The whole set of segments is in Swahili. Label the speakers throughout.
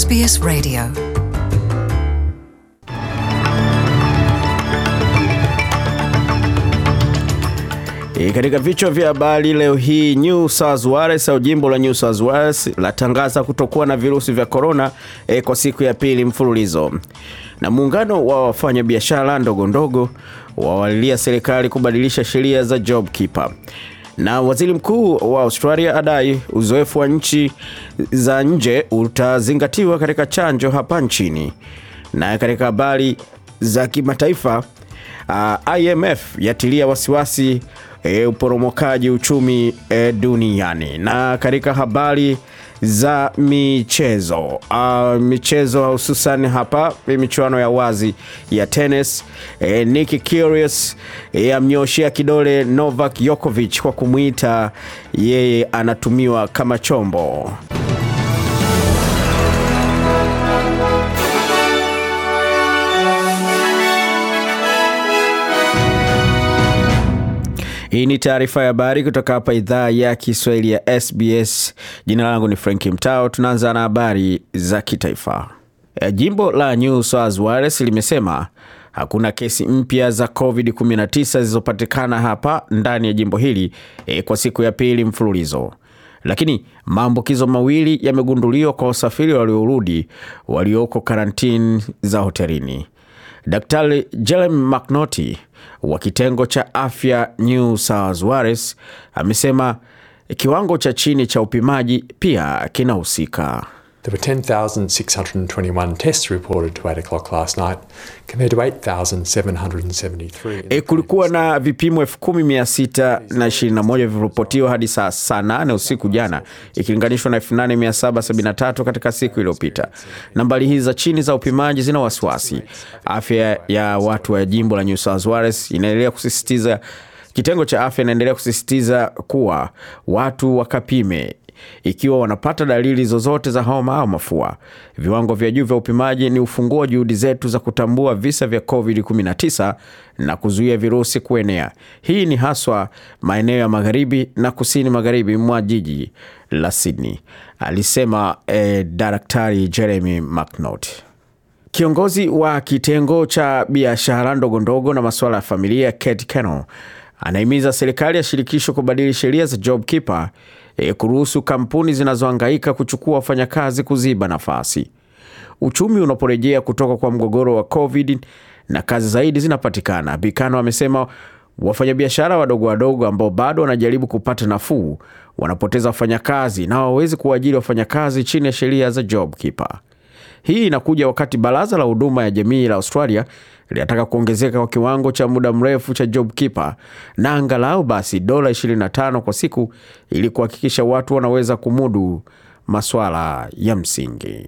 Speaker 1: SBS Radio e, katika vichwa vya habari leo hii, New South Wales au jimbo la New South Wales latangaza kutokuwa na virusi vya korona e, kwa siku ya pili mfululizo, na muungano wa wafanyabiashara ndogo ndogo wawalilia serikali kubadilisha sheria za job keeper na waziri mkuu wa Australia adai uzoefu wa nchi za nje utazingatiwa katika chanjo hapa nchini. Na katika habari za kimataifa, uh, IMF yatilia wasiwasi e, uporomokaji uchumi e, duniani. Na katika habari za michezo uh, michezo hususan hapa michuano ya wazi ya tennis e, Nick Kyrgios yamnyoshea eh, kidole Novak Djokovic kwa kumwita yeye anatumiwa kama chombo. Hii ni taarifa ya habari kutoka hapa idhaa ya Kiswahili ya SBS. Jina langu ni Frank Mtao. Tunaanza na habari za kitaifa. Eh, jimbo la New South Wales limesema hakuna kesi mpya za COVID-19 zilizopatikana hapa ndani ya jimbo hili e, kwa siku ya pili mfululizo, lakini maambukizo mawili yamegunduliwa kwa wasafiri waliorudi walioko karantini za hotelini. Daktari Jeremy McNaughty wa kitengo cha afya New South Wales amesema kiwango cha chini cha upimaji pia kinahusika. There were 10,621 tests reported to 8 o'clock last night compared to 8,773. E, eh, kulikuwa na vipimo 10,621 vilivyoripotiwa hadi saa saa 8 usiku jana ikilinganishwa na 8,773 katika siku iliyopita. Nambari hizi za chini za upimaji zina wasiwasi. Afya ya watu wa jimbo la New South Wales inaendelea kusisitiza Kitengo cha afya inaendelea kusisitiza kuwa watu wakapime ikiwa wanapata dalili zozote za homa au mafua. Viwango vya juu vya upimaji ni ufunguo wa juhudi zetu za kutambua visa vya COVID-19 na kuzuia virusi kuenea. Hii ni haswa maeneo ya magharibi na kusini magharibi mwa jiji la Sydney, alisema eh, Daktari Jeremy McNaught. Kiongozi wa kitengo cha biashara ndogondogo na masuala ya familia Kate Kennell anahimiza serikali ya shirikisho kubadili sheria za job JobKeeper e, kuruhusu kampuni zinazohangaika kuchukua wafanyakazi kuziba nafasi. Uchumi unaporejea kutoka kwa mgogoro wa COVID na kazi zaidi zinapatikana, Bikano amesema wafanyabiashara wadogo wadogo ambao bado wanajaribu kupata nafuu wanapoteza wafanyakazi na hawawezi kuajiri wafanyakazi chini ya sheria za JobKeeper. Hii inakuja wakati baraza la huduma ya jamii la Australia linataka kuongezeka kwa kiwango cha muda mrefu cha job keeper na angalau basi dola 25 kwa siku ili kuhakikisha watu wanaweza kumudu masuala ya msingi.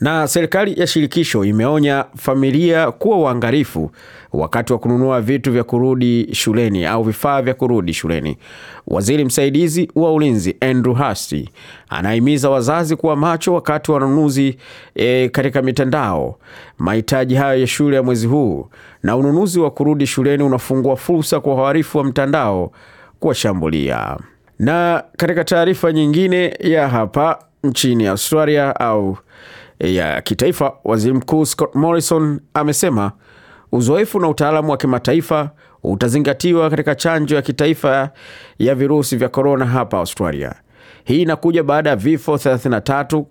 Speaker 1: Na serikali ya shirikisho imeonya familia kuwa uangalifu wakati wa kununua vitu vya kurudi shuleni au vifaa vya kurudi shuleni. Waziri msaidizi wa ulinzi Andrew Hasti anahimiza wazazi kuwa macho wakati wa ununuzi e, katika mitandao. Mahitaji hayo ya shule ya mwezi huu na ununuzi wa kurudi shuleni unafungua fursa kwa wahalifu wa mtandao kuwashambulia. Na katika taarifa nyingine ya hapa nchini Australia au Eh, ya kitaifa, waziri mkuu Scott Morrison amesema uzoefu na utaalamu wa kimataifa utazingatiwa katika chanjo ya kitaifa ya virusi vya korona hapa Australia. Hii inakuja baada ya vifo 33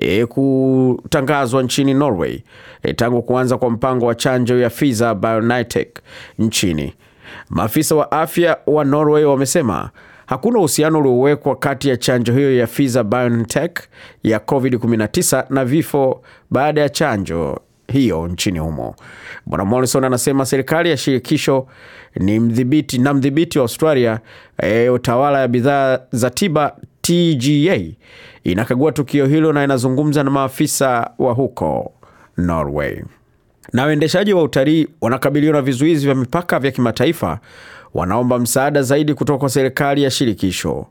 Speaker 1: e, eh, kutangazwa nchini Norway e, tangu kuanza kwa mpango wa chanjo ya Pfizer BioNTech nchini. Maafisa wa afya wa Norway wamesema Hakuna uhusiano uliowekwa kati ya chanjo hiyo ya Pfizer BioNTech ya COVID-19 na vifo baada ya chanjo hiyo nchini humo. Bwana Morrison anasema serikali ya shirikisho ni mdhibiti na mdhibiti wa Australia e, utawala ya bidhaa za tiba TGA inakagua tukio hilo na inazungumza na maafisa wa huko Norway. Na waendeshaji wa utalii wanakabiliwa na vizuizi vya mipaka vya kimataifa wanaomba msaada zaidi kutoka kwa serikali ya shirikisho.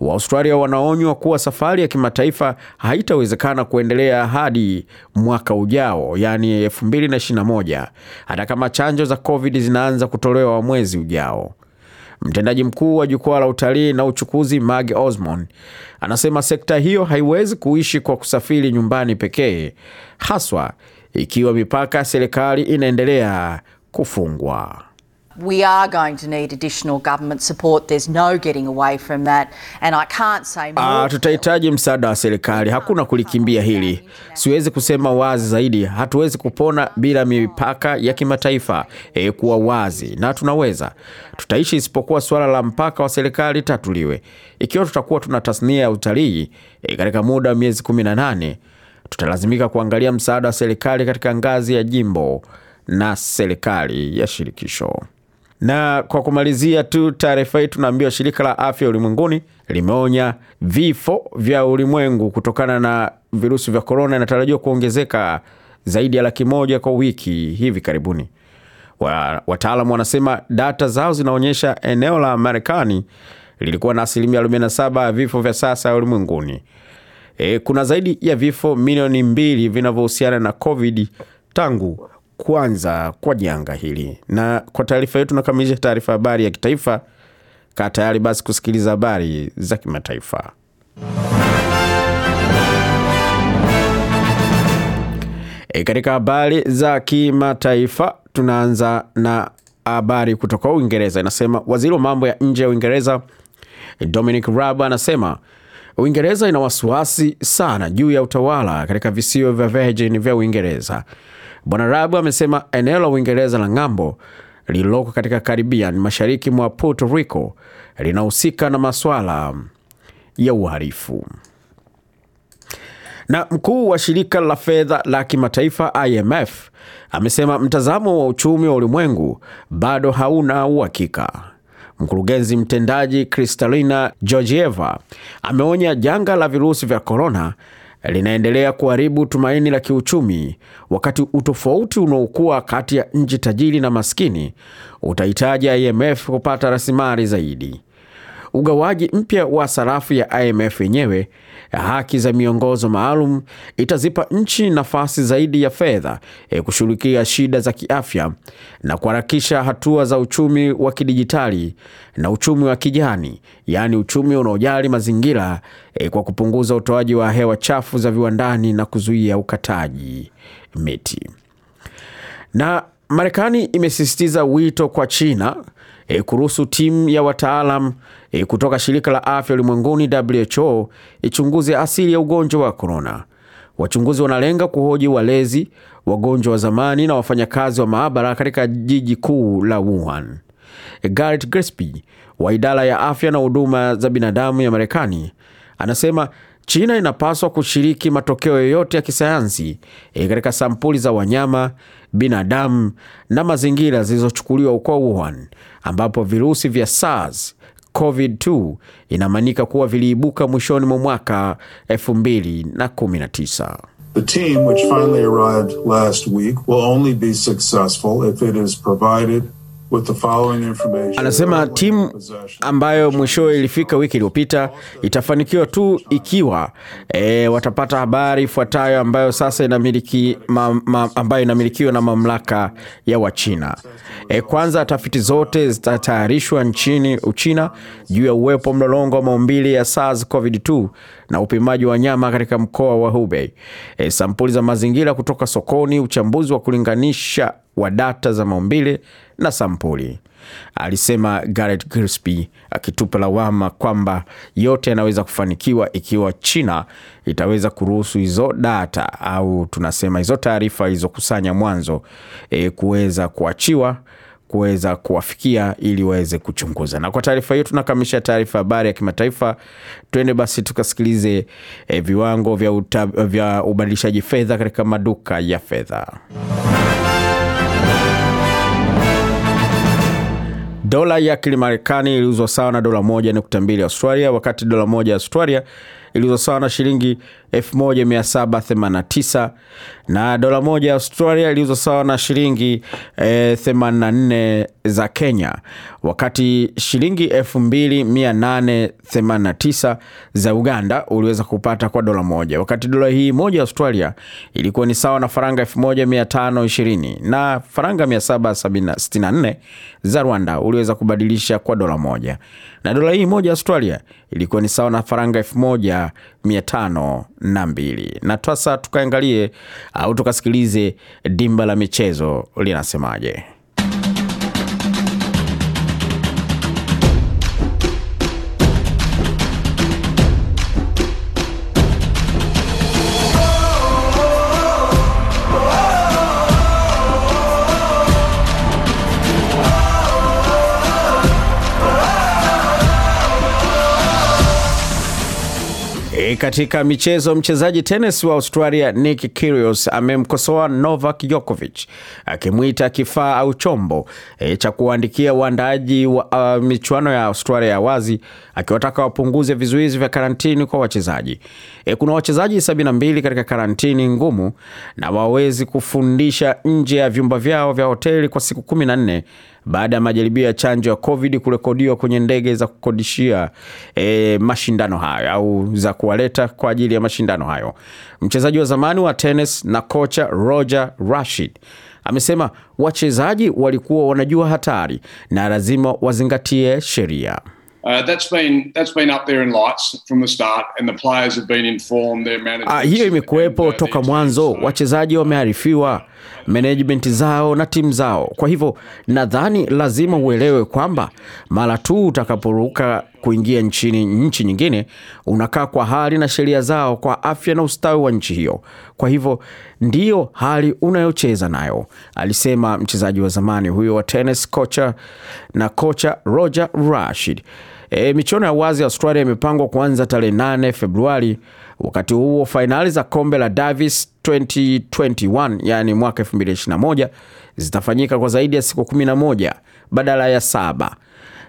Speaker 1: Waaustralia wanaonywa kuwa safari ya kimataifa haitawezekana kuendelea hadi mwaka ujao, yaani 2021 hata kama chanjo za COVID zinaanza kutolewa mwezi ujao. Mtendaji mkuu wa jukwaa la utalii na uchukuzi Mag Osmon anasema sekta hiyo haiwezi kuishi kwa kusafiri nyumbani pekee, haswa ikiwa mipaka ya serikali inaendelea kufungwa we are going to need additional government support. There's no getting away from that. And I can't say ah, more. Tutahitaji msaada wa serikali, hakuna kulikimbia hili. Siwezi kusema wazi zaidi, hatuwezi kupona bila mipaka ya kimataifa e, kuwa wazi na tunaweza tutaishi, isipokuwa suala la mpaka wa serikali tatuliwe. Ikiwa tutakuwa tuna tasnia ya utalii e, katika muda wa miezi 18 tutalazimika kuangalia msaada wa serikali katika ngazi ya jimbo na serikali ya shirikisho. Na kwa kumalizia tu taarifa hii, tunaambiwa shirika la afya ulimwenguni limeonya vifo vya ulimwengu kutokana na virusi vya korona inatarajiwa kuongezeka zaidi ya laki moja kwa wiki hivi karibuni. Wataalamu wanasema data zao zinaonyesha eneo la Marekani lilikuwa na asilimia 47 ya vifo vya sasa ulimwenguni. E, kuna zaidi ya vifo milioni mbili vinavyohusiana na COVID tangu kwanza kwa janga hili. Na kwa taarifa yetu nakamilisha taarifa habari ya kitaifa. Kaa tayari basi kusikiliza habari za kimataifa. E, katika habari za kimataifa tunaanza na habari kutoka Uingereza. Inasema waziri wa mambo ya nje ya Uingereza Dominic Raab anasema Uingereza ina wasiwasi sana juu ya utawala katika visiwa vya Virgin vya Uingereza Bwana Rabu amesema eneo la Uingereza la ng'ambo lililoko katika Caribbean mashariki mwa Puerto Rico linahusika na masuala ya uhalifu. Na mkuu wa shirika la fedha la kimataifa IMF amesema mtazamo wa uchumi wa ulimwengu bado hauna uhakika. Mkurugenzi mtendaji Kristalina Georgieva ameonya janga la virusi vya korona linaendelea kuharibu tumaini la kiuchumi, wakati utofauti unaokuwa kati ya nchi tajiri na maskini utahitaji IMF kupata rasilimali zaidi ugawaji mpya wa sarafu ya IMF yenyewe, haki za miongozo maalum itazipa nchi nafasi zaidi ya fedha e, kushughulikia shida za kiafya na kuharakisha hatua za uchumi wa kidijitali na uchumi wa kijani, yaani uchumi unaojali mazingira e, kwa kupunguza utoaji wa hewa chafu za viwandani na kuzuia ukataji miti. Na Marekani imesisitiza wito kwa China e, kuruhusu timu ya wataalam e, kutoka shirika la afya ulimwenguni WHO ichunguze eh, asili ya ugonjwa wa korona. Wachunguzi wanalenga kuhoji walezi, wagonjwa wa zamani na wafanyakazi wa maabara katika jiji kuu la Wuhan. Garrett Gillespie wa idara ya afya na huduma za binadamu ya Marekani anasema China inapaswa kushiriki matokeo yoyote ya kisayansi katika sampuli za wanyama binadamu na mazingira zilizochukuliwa huko Wuhan, ambapo virusi vya SARS COVID-2 inamanika kuwa viliibuka mwishoni mwa mwaka 2019. The team which finally arrived last week will only be successful if it is provided Anasema timu ambayo mwishowe ilifika wiki iliyopita itafanikiwa tu ikiwa e, watapata habari ifuatayo ambayo sasa inamiliki, ma, ma, ambayo inamilikiwa na mamlaka ya Wachina. E, kwanza tafiti zote zitatayarishwa nchini Uchina juu ya uwepo mlolongo wa maumbili ya SARS COVID-2 na upimaji wa nyama katika mkoa wa Hubei. E, sampuli za mazingira kutoka sokoni, uchambuzi wa kulinganisha wa data za maumbile na sampuli, alisema Garrett Gillespie akitupa lawama kwamba yote yanaweza kufanikiwa ikiwa China itaweza kuruhusu hizo data au tunasema hizo taarifa ilizokusanya mwanzo e, kuweza kuachiwa kuweza kuwafikia ili waweze kuchunguza. Na kwa taarifa hiyo tunakamilisha taarifa habari ya kimataifa. Tuende basi tukasikilize e, viwango vya, vya ubadilishaji fedha katika maduka ya fedha. Dola ya Kimarekani iliuzwa sawa na dola moja nukta mbili Australia, wakati dola moja Australia iliuzwa sawa na shilingi 1789 na dola moja ya Australia iliuzwa sawa na shilingi eh, e, 84 za Kenya, wakati shilingi 2889 za Uganda uliweza kupata kwa dola moja, wakati dola hii moja ya Australia ilikuwa ni sawa na faranga 1520 na faranga 764 za Rwanda uliweza kubadilisha kwa dola moja, na dola hii moja ya Australia ilikuwa ni sawa na faranga 1500 na mbili. Na twasa tukaangalie au tukasikilize dimba la michezo linasemaje. Katika michezo, mchezaji tenis wa Australia Nick Kyrgios amemkosoa Novak Djokovic akimwita kifaa au chombo e, cha kuandikia uandaaji wa uh, michuano ya Australia ya wazi, akiwataka wapunguze vizuizi vya karantini kwa wachezaji. E, kuna wachezaji 72 katika karantini ngumu na wawezi kufundisha nje ya vyumba vyao vya hoteli kwa siku 14 baada ya majaribio ya chanjo ya COVID kurekodiwa kwenye ndege za kukodishia e, mashindano hayo au za kuwaleta kwa ajili ya mashindano hayo. Mchezaji wa zamani wa tenis na kocha Roger Rashid amesema wachezaji walikuwa wanajua hatari na lazima wazingatie sheria. Uh, that's been, that's been up there in lights from the start and the players have been informed, their management. Ah, hiyo imekuwepo toka mwanzo, wachezaji wamearifiwa management zao na timu zao. Kwa hivyo nadhani lazima uelewe kwamba mara tu utakaporuka kuingia nchini nchi nyingine, unakaa kwa hali na sheria zao kwa afya na ustawi wa nchi hiyo. Kwa hivyo ndiyo hali unayocheza nayo, alisema mchezaji wa zamani huyo wa tennis, kocha na kocha Roger Rashid. E, michuano ya wazi ya Australia imepangwa kuanza tarehe 8 Februari. Wakati huo fainali za kombe la Davis 2021 yani mwaka 2021 zitafanyika kwa zaidi ya siku 11 badala ya saba.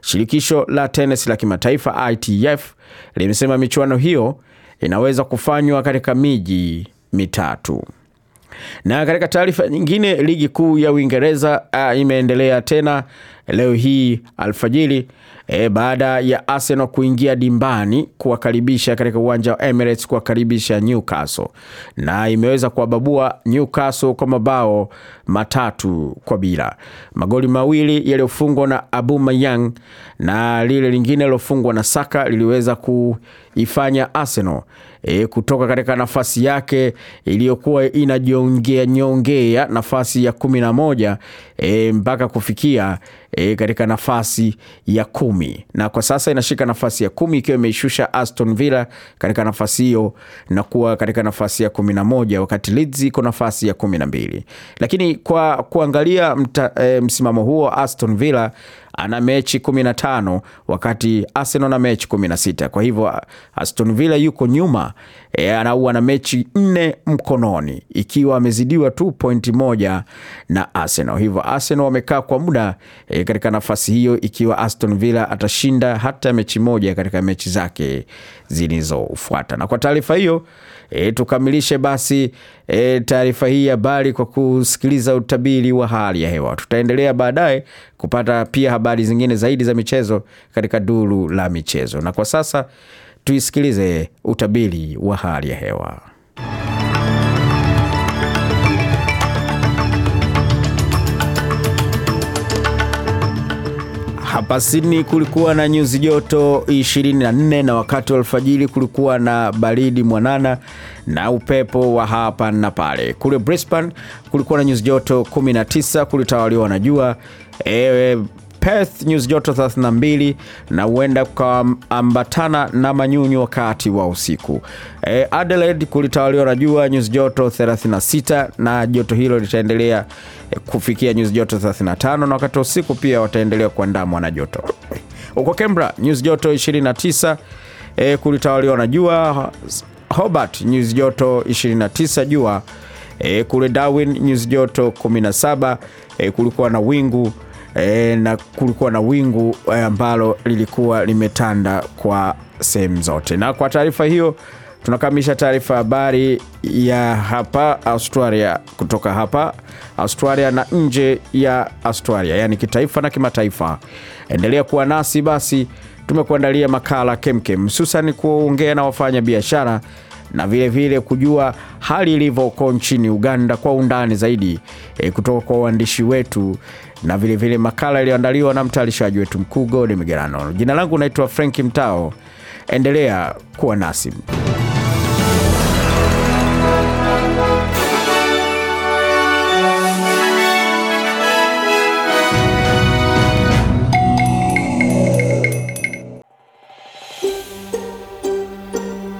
Speaker 1: Shirikisho la tenis la kimataifa ITF limesema michuano hiyo inaweza kufanywa katika miji mitatu. Na katika taarifa nyingine, ligi kuu ya Uingereza uh, imeendelea tena leo hii alfajiri e, baada ya Arsenal kuingia dimbani kuwakaribisha katika uwanja wa Emirates kuwakaribisha Newcastle na imeweza kuwababua Newcastle kwa mabao matatu kwa bila, magoli mawili yaliyofungwa na Aubameyang na lile lingine lilofungwa na Saka liliweza kuifanya Arsenal e, kutoka katika nafasi yake iliyokuwa inajiongea nyongea nafasi ya kumi na moja e, mpaka kufikia e, katika nafasi ya kumi na kwa sasa inashika nafasi ya kumi ikiwa imeishusha Aston Villa katika nafasi hiyo na kuwa katika nafasi ya kumi na moja wakati Leeds iko nafasi ya kumi na mbili lakini kwa kuangalia mta, e, msimamo huo Aston Villa ana mechi 15 wakati Arsenal na mechi 16. Kwa hivyo Aston Villa yuko nyuma e, anaua na mechi nne mkononi ikiwa amezidiwa tu pointi moja na Arsenal. Hivyo Arsenal wamekaa kwa muda e, katika nafasi hiyo ikiwa Aston Villa atashinda hata mechi moja katika mechi zake zilizofuata. Na kwa taarifa hiyo e, tukamilishe basi e, taarifa hii habari kwa kusikiliza utabiri wa hali ya hewa. Tutaendelea baadaye kupata pia habari zingine zaidi za michezo katika duru la michezo, na kwa sasa tuisikilize utabiri wa hali ya hewa. Hapa Sydney kulikuwa na nyuzi joto 24 na wakati wa alfajiri kulikuwa na baridi mwanana na upepo wa hapa na pale. Kule Brisbane kulikuwa na nyuzi joto 19, kulitawaliwa na jua. Ewe Perth nyuzi joto 32 na huenda kukaambatana na manyunyu wakati wa usiku. E, Adelaide kulitawaliwa na jua nyuzi joto 36 na joto hilo litaendelea kufikia nyuzi joto 35 na wakati wa usiku pia wataendelea kuandamwa na joto. Huko Canberra nyuzi joto 29 e, kulitawaliwa na jua. Hobart nyuzi joto 29 jua. E, kule Darwin nyuzi joto 17 e, kulikuwa na wingu e, na kulikuwa na wingu e, ambalo lilikuwa limetanda kwa sehemu zote. Na kwa taarifa hiyo tunakamilisha taarifa habari ya hapa Australia, kutoka hapa Australia na nje ya Australia, yaani kitaifa na kimataifa. Endelea kuwa nasi basi, tumekuandalia makala kemkem, hususan kuongea na wafanya biashara na vilevile vile kujua hali ilivyoko nchini Uganda kwa undani zaidi e, kutoka kwa uandishi wetu na vilevile vile makala iliyoandaliwa na mtayarishaji wetu mkuu Gode Migerano. Jina langu naitwa Frank Mtao, endelea kuwa nasi.